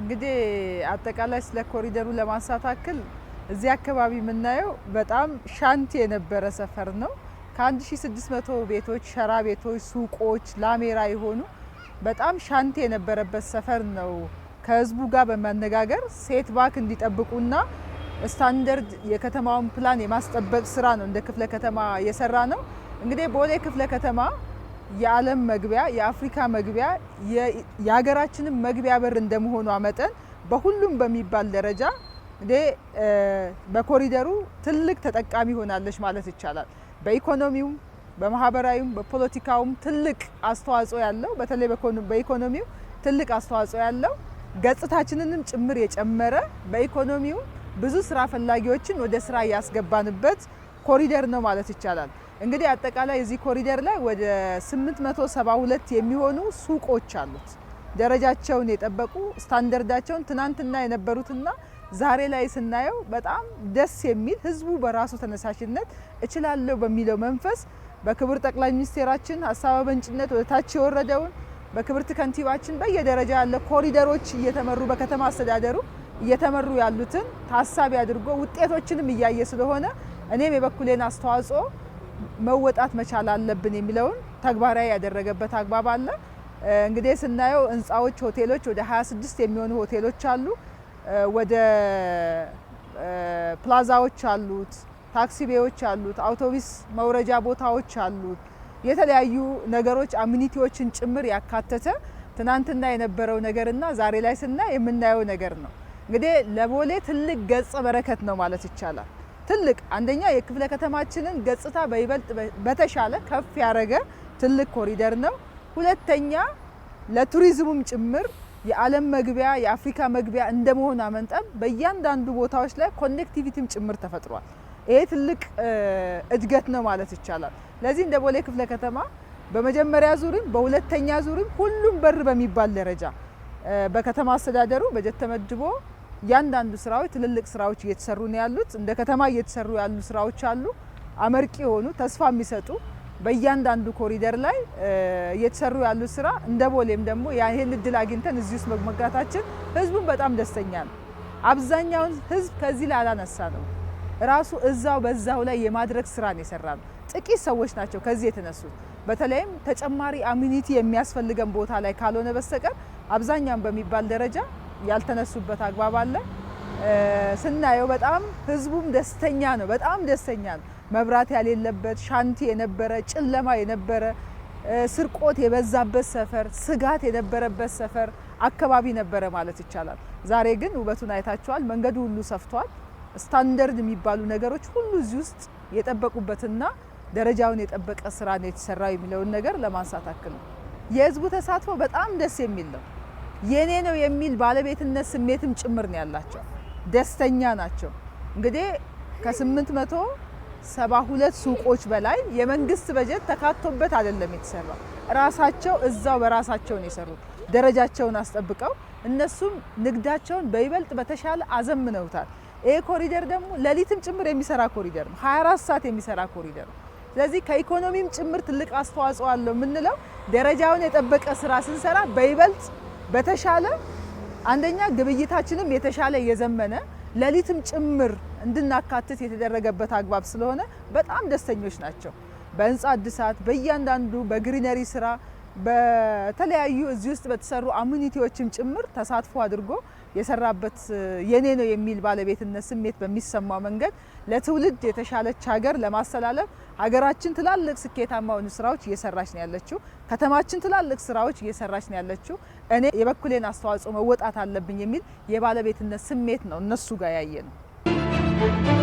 እንግዲህ አጠቃላይ ስለ ኮሪደሩ ለማንሳት አክል እዚህ አካባቢ የምናየው በጣም ሻንቲ የነበረ ሰፈር ነው። ከ1600 ቤቶች፣ ሸራ ቤቶች፣ ሱቆች፣ ላሜራ የሆኑ በጣም ሻንቲ የነበረበት ሰፈር ነው። ከህዝቡ ጋር በማነጋገር ሴት ባክ እንዲጠብቁና ስታንደርድ የከተማውን ፕላን የማስጠበቅ ስራ ነው እንደ ክፍለ ከተማ የሰራ ነው። እንግዲህ ቦሌ ክፍለ ከተማ የዓለም መግቢያ የአፍሪካ መግቢያ የሀገራችንም መግቢያ በር እንደመሆኗ መጠን በሁሉም በሚባል ደረጃ እንዴ በኮሪደሩ ትልቅ ተጠቃሚ ሆናለች ማለት ይቻላል። በኢኮኖሚውም በማህበራዊም በፖለቲካውም ትልቅ አስተዋጽኦ ያለው በተለይ በኢኮኖሚው ትልቅ አስተዋጽኦ ያለው ገጽታችንንም ጭምር የጨመረ በኢኮኖሚውም ብዙ ስራ ፈላጊዎችን ወደ ስራ ያስገባንበት ኮሪደር ነው ማለት ይቻላል። እንግዲህ አጠቃላይ እዚህ ኮሪደር ላይ ወደ 872 የሚሆኑ ሱቆች አሉት። ደረጃቸውን የጠበቁ ስታንደርዳቸውን ትናንትና የነበሩትና ዛሬ ላይ ስናየው በጣም ደስ የሚል ህዝቡ በራሱ ተነሳሽነት እችላለሁ በሚለው መንፈስ በክብር ጠቅላይ ሚኒስቴራችን ሀሳብ አመንጭነት ወደ ታች የወረደውን በክብርት ከንቲባችን በየደረጃ ያለ ኮሪደሮች እየተመሩ በከተማ አስተዳደሩ እየተመሩ ያሉትን ታሳቢ አድርጎ ውጤቶችንም እያየ ስለሆነ እኔም የበኩሌን አስተዋጽኦ መወጣት መቻል አለብን የሚለውን ተግባራዊ ያደረገበት አግባብ አለ። እንግዲህ ስናየው ህንፃዎች፣ ሆቴሎች ወደ 26 የሚሆኑ ሆቴሎች አሉ። ወደ ፕላዛዎች አሉት፣ ታክሲ ቤዎች አሉት፣ አውቶቡስ መውረጃ ቦታዎች አሉት። የተለያዩ ነገሮች አሚኒቲዎችን ጭምር ያካተተ ትናንትና የነበረው ነገርና ዛሬ ላይ ስናይ የምናየው ነገር ነው። እንግዲህ ለቦሌ ትልቅ ገጸ በረከት ነው ማለት ይቻላል። ትልቅ አንደኛ የክፍለ ከተማችንን ገጽታ በይበልጥ በተሻለ ከፍ ያደረገ ትልቅ ኮሪደር ነው። ሁለተኛ ለቱሪዝሙም ጭምር የዓለም መግቢያ የአፍሪካ መግቢያ እንደመሆን አመንጠን በእያንዳንዱ ቦታዎች ላይ ኮኔክቲቪቲም ጭምር ተፈጥሯል። ይሄ ትልቅ እድገት ነው ማለት ይቻላል። ለዚህ እንደ ቦሌ ክፍለ ከተማ በመጀመሪያ ዙርም በሁለተኛ ዙርም ሁሉም በር በሚባል ደረጃ በከተማ አስተዳደሩ በጀት ተመድቦ እያንዳንዱ ስራዎች ትልልቅ ስራዎች እየተሰሩ ነው ያሉት። እንደ ከተማ እየተሰሩ ያሉ ስራዎች አሉ፣ አመርቂ የሆኑ ተስፋ የሚሰጡ በእያንዳንዱ ኮሪደር ላይ እየተሰሩ ያሉት ስራ እንደ ቦሌም ደግሞ ይህን እድል አግኝተን እዚህ ውስጥ መግመጋታችን ህዝቡን በጣም ደስተኛ ነው። አብዛኛውን ህዝብ ከዚህ ላይ አላነሳ ነው ራሱ እዛው በዛው ላይ የማድረግ ስራ ነው የሰራ ነው። ጥቂት ሰዎች ናቸው ከዚህ የተነሱት። በተለይም ተጨማሪ አሚኒቲ የሚያስፈልገን ቦታ ላይ ካልሆነ በስተቀር አብዛኛውን በሚባል ደረጃ ያልተነሱበት አግባብ አለ። ስናየው በጣም ህዝቡም ደስተኛ ነው። በጣም ደስተኛ ነው። መብራት ያሌለበት ሻንቲ የነበረ ጨለማ የነበረ ስርቆት የበዛበት ሰፈር፣ ስጋት የነበረበት ሰፈር አካባቢ ነበረ ማለት ይቻላል። ዛሬ ግን ውበቱን አይታችኋል። መንገዱ ሁሉ ሰፍቷል። ስታንደርድ የሚባሉ ነገሮች ሁሉ እዚህ ውስጥ የጠበቁበትና ደረጃውን የጠበቀ ስራ ነው የተሰራው የሚለውን ነገር ለማንሳት አክል ነው። የህዝቡ ተሳትፎ በጣም ደስ የሚል ነው። የኔ ነው የሚል ባለቤትነት ስሜትም ጭምር ነው ያላቸው። ደስተኛ ናቸው። እንግዲህ ከ872 ሱቆች በላይ የመንግስት በጀት ተካቶበት አይደለም የተሰራ። ራሳቸው እዛው በራሳቸው ነው የሰሩት። ደረጃቸውን አስጠብቀው እነሱም ንግዳቸውን በይበልጥ በተሻለ አዘምነውታል። ይህ ኮሪደር ደግሞ ሌሊትም ጭምር የሚሰራ ኮሪደር ነው። 24 ሰዓት የሚሰራ ኮሪደር ነው። ስለዚህ ከኢኮኖሚም ጭምር ትልቅ አስተዋጽኦ አለው የምንለው ደረጃውን የጠበቀ ስራ ስንሰራ በይበልጥ በተሻለ አንደኛ ግብይታችንም የተሻለ የዘመነ ሌሊትም ጭምር እንድናካትት የተደረገበት አግባብ ስለሆነ በጣም ደስተኞች ናቸው። በህንፃ እድሳት፣ በእያንዳንዱ በግሪነሪ ስራ፣ በተለያዩ እዚህ ውስጥ በተሰሩ አሚኒቲዎችም ጭምር ተሳትፎ አድርጎ የሰራበት የኔ ነው የሚል ባለቤትነት ስሜት በሚሰማው መንገድ ለትውልድ የተሻለች ሀገር ለማስተላለፍ ሀገራችን ትላልቅ ስኬታማውን ስራዎች እየሰራች ነው ያለችው። ከተማችን ትላልቅ ስራዎች እየሰራች ነው ያለችው። እኔ የበኩሌን አስተዋጽኦ መወጣት አለብኝ የሚል የባለቤትነት ስሜት ነው እነሱ ጋር ያየ ነው።